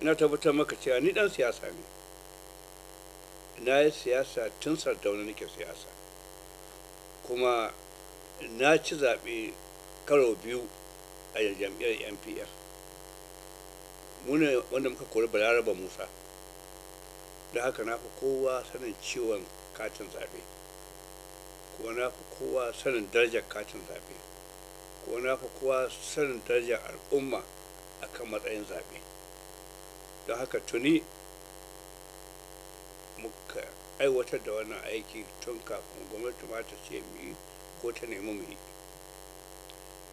ina tabbatar maka cewa ni dan siyasa ne na yi siyasa tun sardauna nake siyasa kuma na ci zaɓe karo biyu a jam'iyyar npf muna wanda muka kori balaraba musa da haka na fi kowa sanin ciwon katin zaɓe kuma na fi kowa sanin darajar katin zaɓe kuma na fi kowa sanin darajar al'umma a kan matsayin zaɓe da haka tuni muka aiwatar da wannan aiki tun kafin gwamnati ma ta ce mu yi ko ta nemi mu yi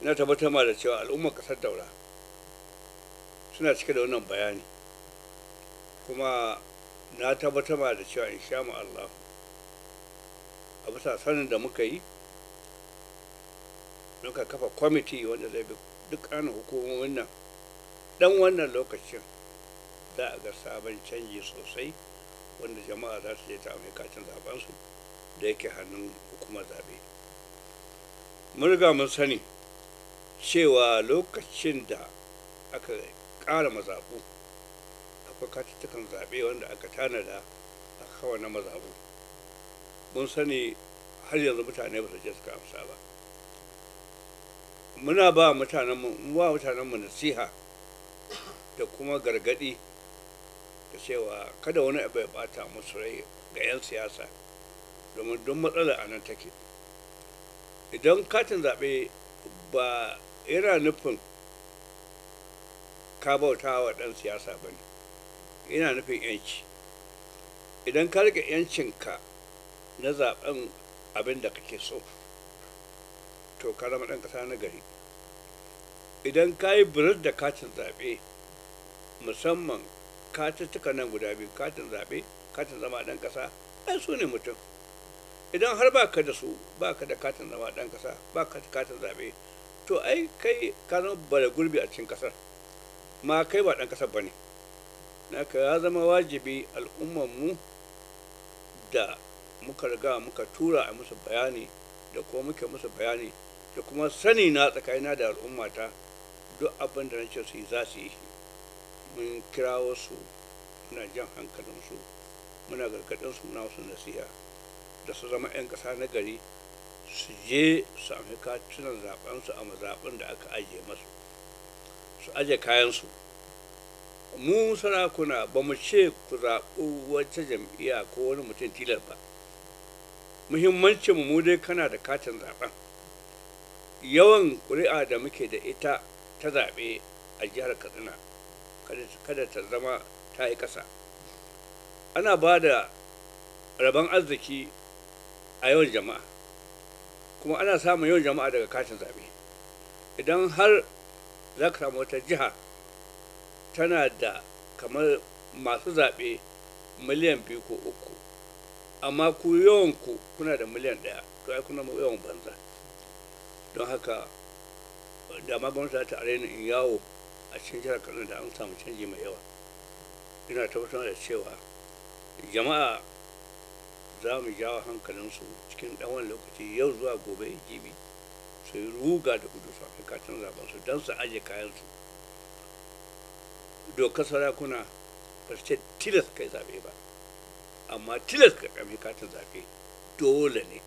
ina tabbatar ma da cewa al'ummar ƙasar daura suna cike da wannan bayani kuma na tabbatar ma da cewa in sha mu Allah a bisa sanin da muka yi muka kafa kwamiti wanda zai bi duk hukumomin nan dan wannan lokacin za a ga sabon canji sosai wanda jama'a za su je ta amai kacin zabansu da yake hannun hukumar zabe mun riga mun sani cewa lokacin da aka ƙara mazaɓu akwai katittukan zaɓe wanda aka tanada a kawai na mazaɓu mun sani har yanzu mutane ba su je suka amsa ba muna ba mutanenmu nasiha da kuma gargaɗi cewa kada wani abu ya bata musu rai ga 'yan siyasa domin don matsala a nan take idan katin zaɓe ba yana nufin ka bauta wa ɗan siyasa ba ne yana nufin yanci idan ka rike yancinka na zaɓen abin da kake so to ka zama ɗan ƙasa na gari idan ka yi da katin zaɓe musamman katuttukan nan guda biyu katin zaɓe katin zama ɗan ƙasa ai su ne mutum idan har ba ka da su ba ka da katin zama ɗan ƙasa ba ka da katin zaɓe to ai kai ka zama bada gurbi a cikin ƙasar ma kai ba ɗan ƙasar ba ne na ka ya zama wajibi mu da muka riga muka tura a musu bayani da kuma muke musu bayani da kuma sani na tsakanina da al'ummata duk abin da na ce su yi za su yi mun kira wasu muna jan hankalinsu muna gargaɗinsu muna wasu nasiha da su zama 'yan ƙasa na gari su je su sami katunan zaɓensu a mazaɓin da aka ajiye masu su aje kayansu mu sarakuna ba mu ce ku zaɓi wata jam'iyya ko wani mutum tilar ba muhimmancin mu dai kana da katin zaɓen yawan ƙuri'a da muke da ita ta zaɓe a jihar katsina kada ta zama ta yi ƙasa ana ba da rabon arziki a yawan jama'a kuma ana samun yawan jama'a daga katin zaɓe idan har za ka samu wata jiha tana da kamar masu zaɓe miliyan biyu ko uku amma ku yawanku kuna da miliyan ɗaya to ai kuna yawan banza don haka da ma gwamnati ta arena in yawo a cikin jihar kaduna da an samu canji mai yawa ina tabbatar da cewa jama'a za mu jawo hankalinsu cikin ɗan lokaci yau zuwa gobe jibi su yi ruga da gudu su katin zabansu su don su aje kayansu dokar sarakuna ba su ce tilas kai zaɓe ba amma tilas ka kame katin zaɓe dole ne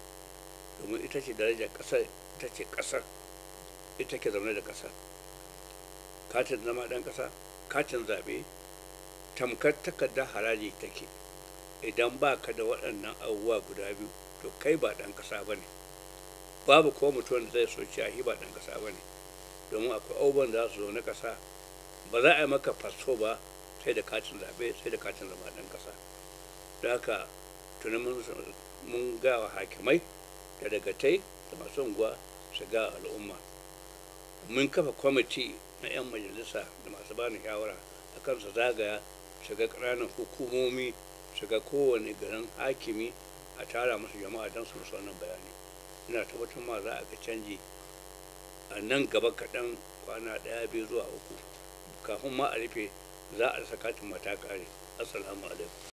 domin ita ce darajar ƙasar ita ce ƙasar ita ke zaune da ƙasar katin zama ɗan ƙasa katin zaɓe tamkar takardar haraji take idan ba ka da waɗannan abubuwa guda biyu to kai ba ɗan ƙasa ba ne babu ko mutum da zai so ciyahi ba ɗan ƙasa ba ne domin akwai abubuwan da za su zo na ƙasa ba za a yi maka faso ba sai da katin zaɓe sai da katin zama ɗan ƙasa da haka tuni mun gawa hakimai da dagatai da masu unguwa su ga al'umma mun kafa kwamiti na 'yan majalisa da masu bani shawara a kansa zagaya shiga ƙananan hukumomi shiga kowane garin hakimi a tara musu jama'a don su wannan bayani ina tabbatar ma za a ga canji a nan gaba kaɗan kwana ɗaya biyu zuwa uku kafin ma a rufe za a saka mataka ne assalamu alaikum